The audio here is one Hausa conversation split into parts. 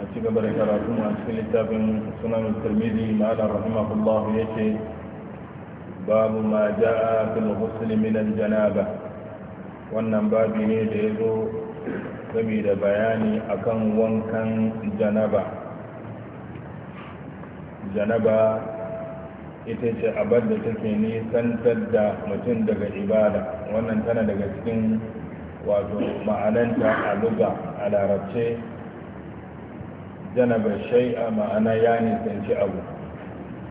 a ci gaba da karatu a cikin littafin sunan tirmidhi ma'ana ya yace babu ma ja'a fil ghusl min janaba wannan babi ne da yazo game da bayani akan wankan janaba janaba ita ce abar da take nisantar da mutum daga ibada wannan tana daga cikin wato ma'ananta a luga a larabce janaba a ma'ana ya nisanci abu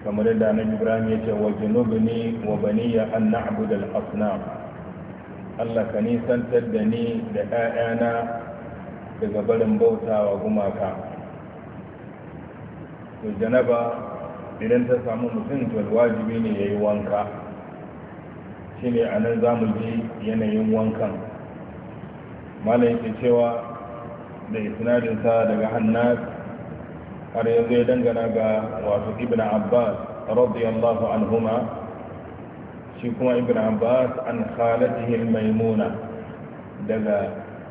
kamar yadda na Ibrahim ya ce wa ne wa baniya an na'budu da al'asna Allah ka nisantar da ni da ƴaƴana daga barin bautawa gumaka to janaba idan ta samu mutum to wajibi ne ya yi wanka shine anan mu ji yanayin wankan malayin ke cewa da isnadinsa daga hannas har yanzu ya dangana ga wato ibn abbas radiyallahu anhuma shi kuma ibn abbas an khalatihi maimuna daga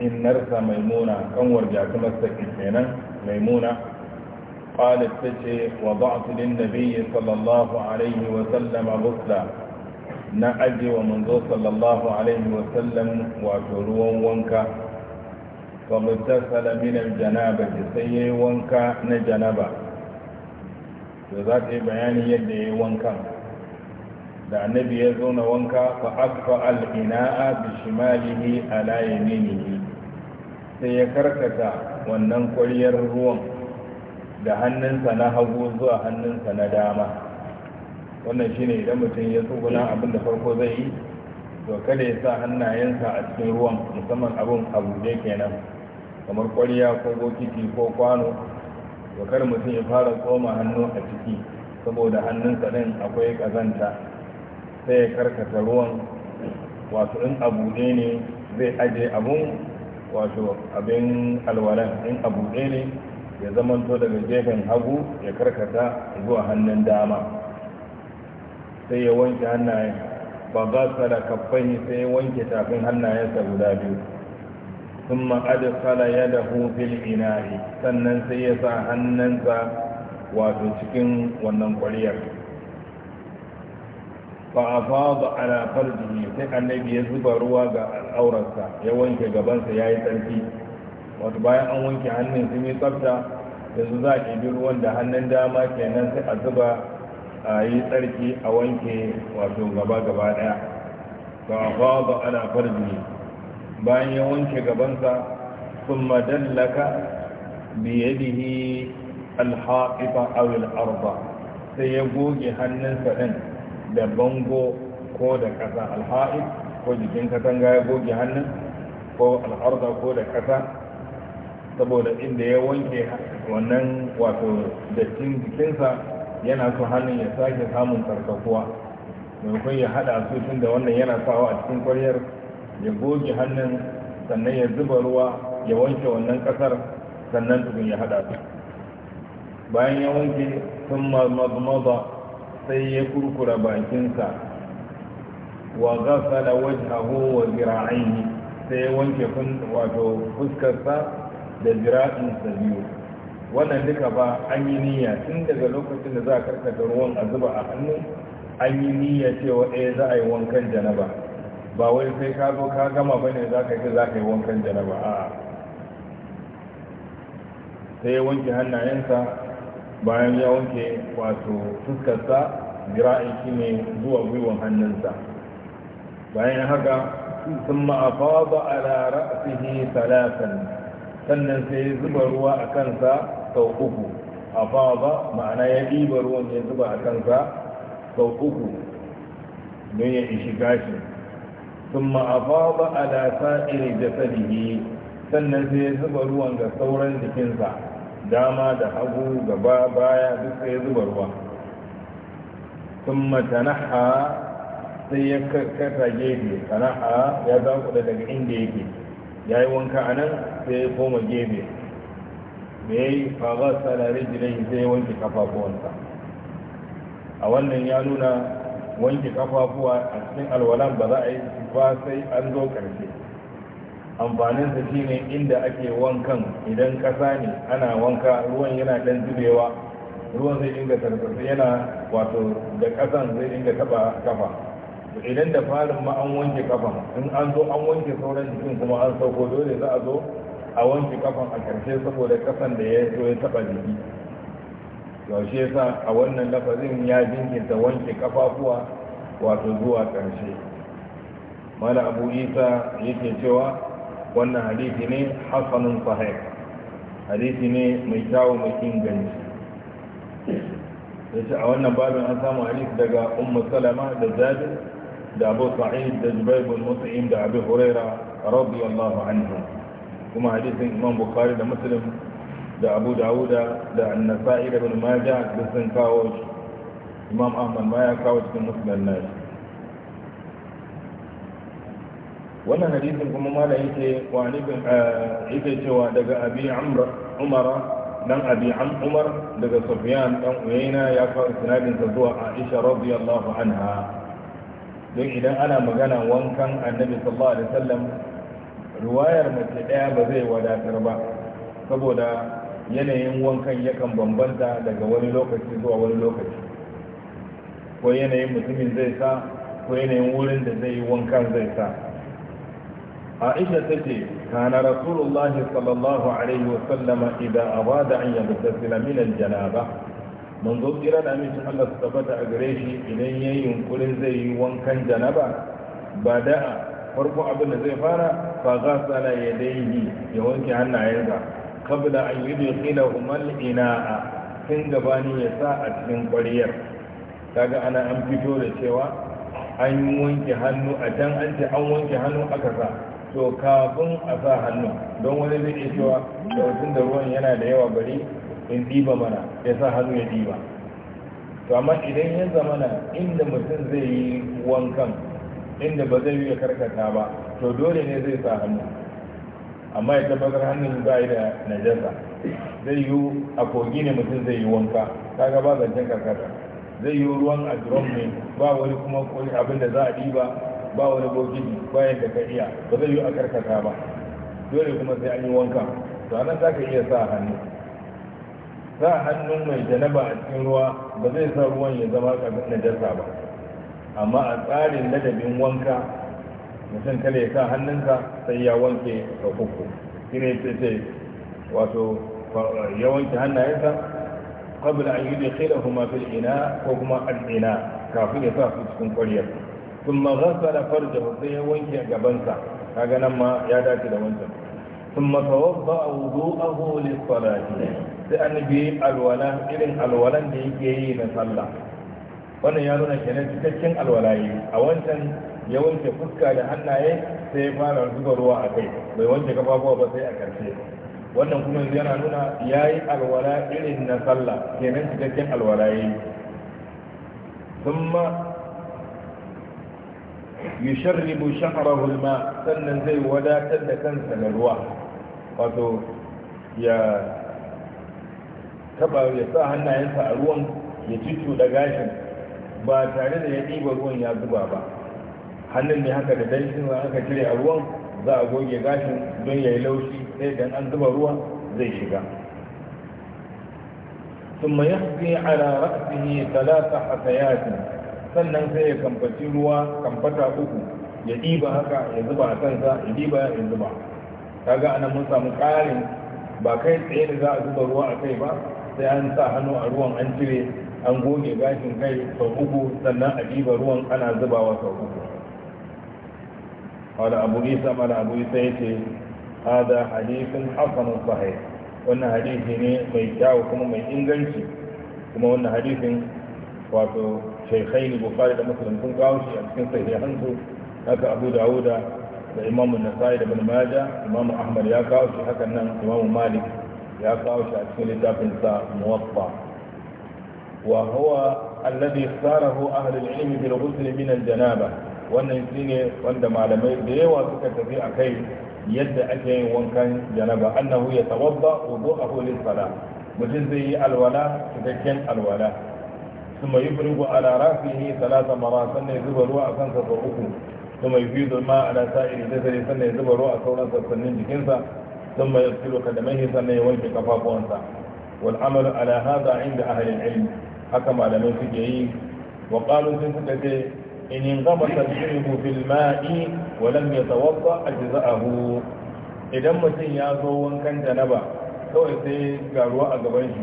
innarsa maimuna kanwar jakumarsa kenan maimuna قالت تجي wa للنبي صلى الله na وسلم wa manzo sallallahu alaihi wa sallam wato ruwan wanka. wa mutasala min aljanaba sai yi wanka na janaba to za ta yi bayanin yadda yi wankan da annabi ya zo na wanka fa akfa al-ina'a bi shimalihi ala yaminihi sai ya karkata wannan kwaryar ruwan da hannunsa na hagu zuwa hannunsa na dama wannan shine idan mutum ya tsuguna abin da farko zai yi to kada ya sa hannayensa a cikin ruwan musamman abin abu kenan kamar ƙwarya ko bokiti ko kwano to kar mutum ya fara tsoma hannu a ciki saboda hannunsa ɗin akwai ƙazanta sai ya karkata ruwan wasu in abu ne zai aje abun wato abin alwalan in abu ne ya zamanto daga gefen hagu ya karkata zuwa hannun dama sai ya wanke hannayen ba za su da sai ya wanke tafin hannayensa guda biyu ثم أدخل يده في الإناء sannan sai ya sa hannunsa wato cikin wannan ƙwariyar fa afada ala farjihi sai annabi ya zuba ruwa ga al'aurarsa ya wanke gabansa yayi tsarki wato bayan an wanke hannun sun yi tsafta yanzu za a ɗebi ruwan da hannun dama kenan sai a zuba a yi tsarki a wanke wato gaba gaba ɗaya fa afada ala farjihi bayan ya wanke gabansa sun madallaka biyadihi alhaƙifa awil arba sai ya goge hannunsa ɗin da bango ko da ƙasa alhaƙif ko jikin katanga ya goge hannun ko al'arba ko da ƙasa saboda inda ya wanke wannan wato dattin jikinsa yana so hannun ya sake samun tsarkakuwa maimakon ya haɗa su tun da wannan yana sawa a cikin kwaryar ya goge hannun sannan ya zuba ruwa ya wanke wannan kasar sannan tukun ya hada su bayan ya wanke sun mazmaza sai ya kurkura bakinsa wa gasala wajhahu wa zira'aihi sai ya wanke wato fuskarsa da zira'insa biyu wannan duka ba an yi niyya tun daga lokacin da za a karkata ruwan a zuba a hannu an yi niyya cewa ɗaya eh, za a yi wankan janaba ba wai sai ka zo ka gama bane za ka za ka yi wankan janaba a sai ya wanke hannayensa bayan ya wanke wato fuskarsa jira'in aiki ne zuwa gwiwan hannunsa bayan haka sun ma'afa ba a lara yi salatan sannan sai ya zuba ruwa a kansa sau uku a ba ma'ana ya ɗiba ruwan ya zuba a kansa sau uku don ya ishi gashin ثم أفاض على سائر جسده sannan zai zuba ruwan ga sauran jikinsa dama da hagu gaba baya duk sai zuba ruwa sun matanaha sai ya karkata gefe tanaha ya zakuda daga inda yake ya yi wanka a nan sai ya koma gefe da ya yi fagar jirai sai ya wanke kafafuwansa a wannan ya nuna wanke kafafuwa a cikin alwalan ba za a yi ba sai an zo karshe amfaninsa shine inda ake wankan idan kasa ne ana wanka ruwan yana dan zubewa ruwan zai dinga tarkasa yana wato da kasan zai dinga taba kafa idan da farin ma an wanke kafan in an zo an wanke sauran jikin kuma an sauko dole za a zo a wanke kafan a karshe saboda kasan da ya zo ya taba jiki yaushe sa a wannan lafazin ya jinkirta wanke kafafuwa wato zuwa ƙarshe mala abu isa yake cewa wannan hadisi ne hasanun sahih hadisi ne mai kyawu mai inganci yace a wannan babin an samu hadisi daga ummu salama da jabir da abu sa'id da jubair bin mut'im da abu huraira radiyallahu anhu kuma hadisin imam bukhari da muslim da abu dawuda da annasa'i da bin maja da sun kawo shi imam ahmad ma ya kawo cikin musulun nashi wannan hadisin kuma mala yake wani bin eh, yake cewa daga abi umara dan abi umar daga sufyan dan uyaina ya kawo sinadin sa zuwa aisha radiyallahu anha don idan ana magana wankan annabi sallallahu alaihi wasallam ruwayar mace daya ba zai wadatar ba saboda yanayin wankan yakan bambanta daga wani lokaci zuwa wani lokaci ko yanayin mutumin zai sa ko yanayin wurin da zai yi wankan zai sa aisha ta ce kana rasulullah sallallahu alaihi wasallama idan da an yabu tasila minan janaba manzo kira da amincin allah su tabbata a gare shi idan ya yi yunkurin zai yi wankan janaba ba da'a farko abin da zai fara fa za su ala ya ya wanke hannayensa kabla an yi dukila umar ina'a sun gabani ya sa a cikin ƙwariyar kaga ana an fito da cewa an wanke hannu a can an wanke hannu aka sa to kafin a sa hannu don wani zai iya cewa sautin da ruwan yana da yawa bari in diba mana ya sa hannu ya diba to amma idan ya zamana inda mutum zai yi wankan inda ba zai yi karkata ba to dole ne zai sa hannu amma ya tabbatar hannun ba yi da najasa zai yi a kogi ne mutum zai yi wanka ta kaga ba zancen karkata zai yi ruwan a drum ne ba wani kuma abin da za a ɗiba ba wani bokiti ba yadda ka iya ba zai yi a karkata ba dole kuma sai an yi wanka to anan za ka iya sa hannu sa hannun mai janaba a cikin ruwa ba zai sa ruwan ya zama kafin najasa ba amma a tsarin ladabin wanka mutum kada ya sa hannunka sai ya wanke sau uku shine sai ce ce wato ya wanke hannayensa qabla an kuma fil ina ko kuma al ina kafin ya sa su cikin ƙwaryar thumma ghassala farjahu sai ya wanke gabansa kaga nan ma ya dace da wancan thumma tawadda wudu'ahu lis-salati sai annabi alwala irin alwalan da yake yi na sallah wannan ya nuna kenan cikakken alwala yi a wancan ya wanke fuska da hannaye sai ya fara zuba ruwa a kai bai wanke kafafuwa ba sai a karshe wannan kuma yana nuna ya yi alwala irin na sallah kenan cikakken alwala ya yi ثم ribu شعره sannan zai wadatar da kansa da ruwa wato ya taba ya sa hannayensa a ruwan ya cicu da gashin ba tare da ya ɗiba ruwan ya zuba ba hannun ne haka da danshin za aka cire a ruwan za a goge gashin don ya yi laushi sai dan an zuba ruwa zai shiga ثم يحكي على رأسه ثلاث حكيات sannan sai ya kamfaci ruwa kamfata uku ya ɗiba haka ya zuba a kansa ya ɗiba ya zuba kaga anan mun samu ƙarin ba kai tsaye da za a zuba ruwa a kai ba sai an sa hannu a ruwan an cire an goge gashin kai sau uku sannan a ɗiba ruwan ana zubawa sau uku قال أبو عيسى قال أبو عيسى هذا حديث حسن صحيح وأن حديث ميتاء وكما ميتنجنش كما أن حديث واتو شيخين البخاري ومسلم كن قاوشي أمسكن صحيحنسو هكا أبو داود الإمام النسائي بن ماجه الإمام أحمد يا قاوشي هكا الإمام مالك يا قاوشي أمسكن لتابنسا موطأ وهو الذي اختاره أهل العلم في الغسل من الجنابة wannan shine wanda malamai da yawa suka tafi a kai yadda ake yin wankan janaba annahu ya tawadda a lis-salah mutum zai yi alwala cikakken alwala kuma yufrigu ala rafihi salata marat sannan ya zuba ruwa a kansa sau uku kuma yufidu ma ala iri jasadi sannan ya zuba ruwa a sauran sassanin jikinsa ثم يغسل قدميه ثم يوجه كفافونسا والعمل على هذا عند أهل العلم حكم على من سجعي وقالوا سنسكتي إن انغمس الشرب في الماء ولم يتوضأ أجزأه إذا متن يازو وانكن جنبا kawai sai ga ruwa a gaban shi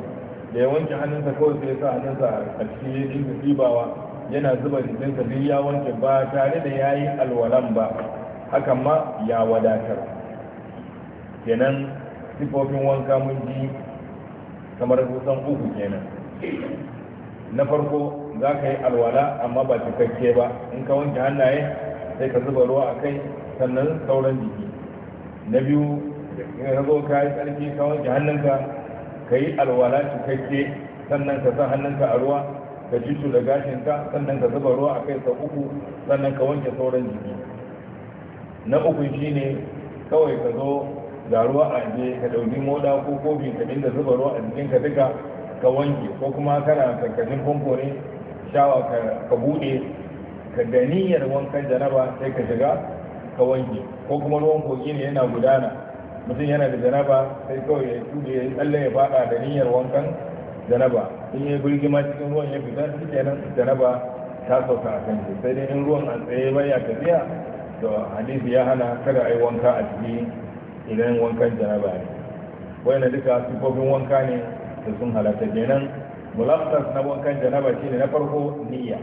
da ya wanke hannunsa kawai sai sa hannunsa a ƙarshe ya dinga yana zuba jikinsa duk ya wanke ba tare da ya yi alwalan ba hakan ma ya wadatar kenan sifofin wanka mun ji kamar kusan uku kenan na farko za ka yi alwala amma ba cikakke ba in ka wanke hannaye sai ka zuba ruwa a kai sannan sauran jiki na biyu ka zo ka yi tsarki ka wanke hannunka ka yi alwala cikakke sannan ka sa hannunka a ruwa ka ci da gashinka sannan ka zuba ruwa a kai sau uku sannan ka wanke sauran jiki na uku shine kawai ka zo ga ruwa a je ka ɗauki moda ko kofi ka dinga zuba ruwa a jikinka duka ka wanke ko kuma kana karkashin famfo ne shawa ka bude ka ganiyar wankan janaba sai ka shiga ka wanke ko kuma ruwan kogi ne yana gudana mutum yana da janaba sai kawai ya tuɗe ya tsalle ya faɗa da niyyar wankan janaba in ya ma cikin ruwan ya fita shi kenan janaba ta sauka a kan sai dai in ruwan an tsaye baya tafiya to hadisi ya hana kada a yi wanka a ciki idan wankan janaba ne wayannan duka sifofin wanka ne da sun halatta kenan mulaffas na wankan janaba shi ne na farko niyya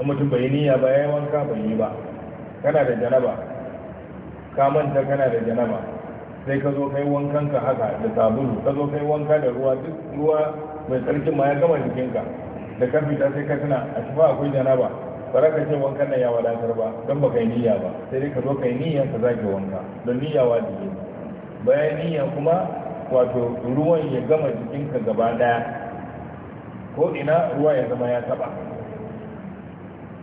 in mutum bai niyya ba ya yi wanka bai yi ba kana da janaba ka manta kana da janaba sai ka zo kai wankan ka haka da sabulu ka zo kai wanka da ruwa duk ruwa mai tsarkin ma ya gama jikinka da ka fita sai ka tuna a shi akwai janaba ba ka ce wankan nan ya wadatar ba don ba kai niyya ba sai dai ka zo kai niyya ka zage wanka don niyya wajibi bayan niyya kuma wato ruwan ya gama jikinka gaba daya ko ina ruwa ya zama ya taba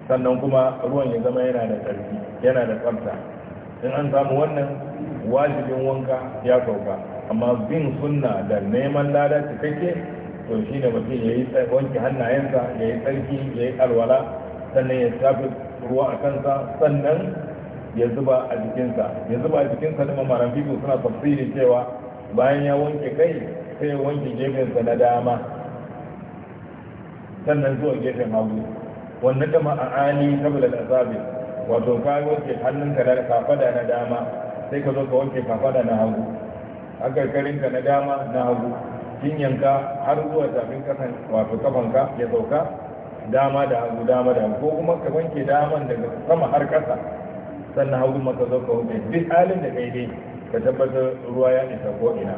sannan kuma ruwan ya zama yana da tsarki yana da tsafta in an samu wannan wajibin wanka ya sauka amma bin sunna da neman lada cikakke to shi ne mutum ya yi wanke hannayensa ya yi tsarki ya yi alwala sannan ya shafi ruwa a kansa sannan ya zuba a jikinsa ya zuba a jikinsa da mamaran fito suna tafsirin cewa bayan ya wanke kai sai ya wanke gefensa na dama sannan zuwa gefen hagu wanda kama a ali saboda al-asabi wato ka wanke hannunka na kafada na dama sai ka zo ka wanke kafada na hagu akarkarinka na dama na hagu yanka har zuwa tafin kasan wato kafanka ya sauka dama da hagu dama da hagu ko kuma ka wanke daman daga sama har kasa sannan hagu maka zo ka wanke duk halin da kai dai ka tabbatar ruwa ya isa ko ina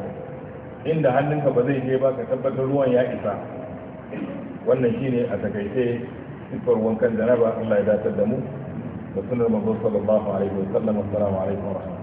inda hannunka ba zai je ba ka tabbatar ruwan ya isa wannan shine a takaice siffar wankan janaba Allah ya dace da mu da sunar manzo sallallahu alaihi wa sallam assalamu alaikum wa rahmatullahi